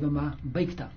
Žinoma, baigta.